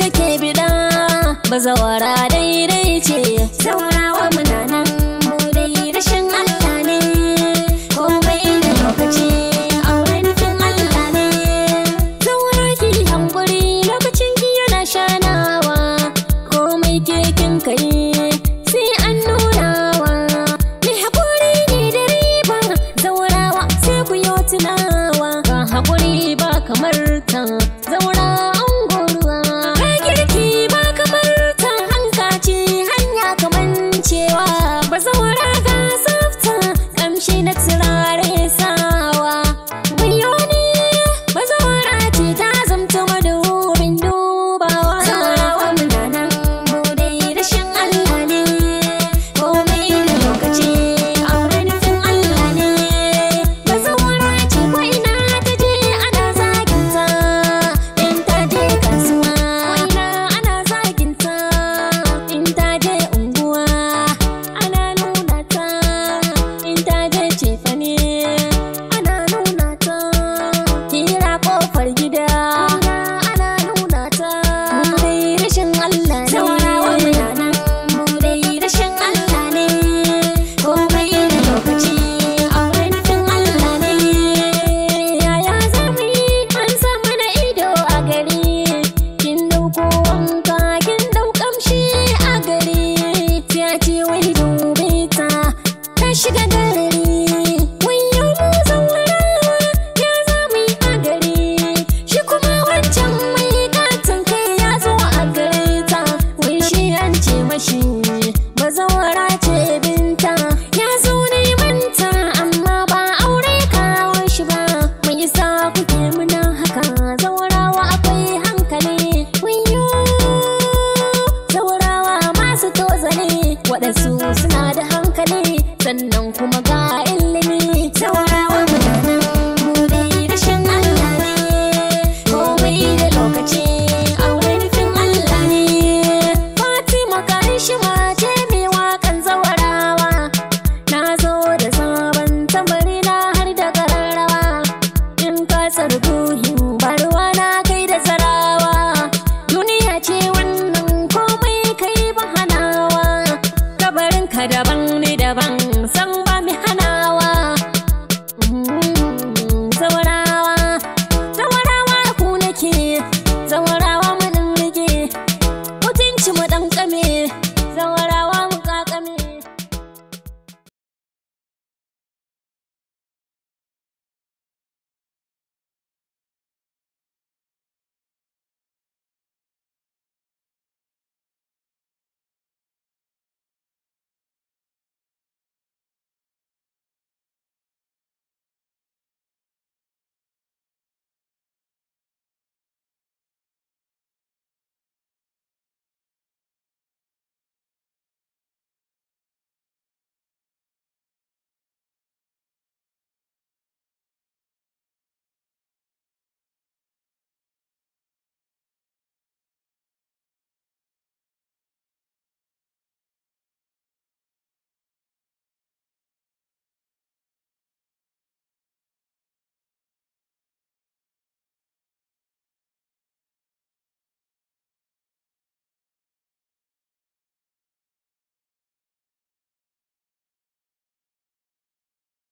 shi kake bida zawara daidai ce zawarawa muna nan mu dai rashin Allah ne komai da lokaci aure nufin Allah ne zaura ki hankuri lokacin ki yana shanawa komai ke kin kai sai an wa mai hakuri ne da riba zaurawa sai ku yi tunawa ka hakuri ba kamar ta zaurawa shi na tsira sannan kuma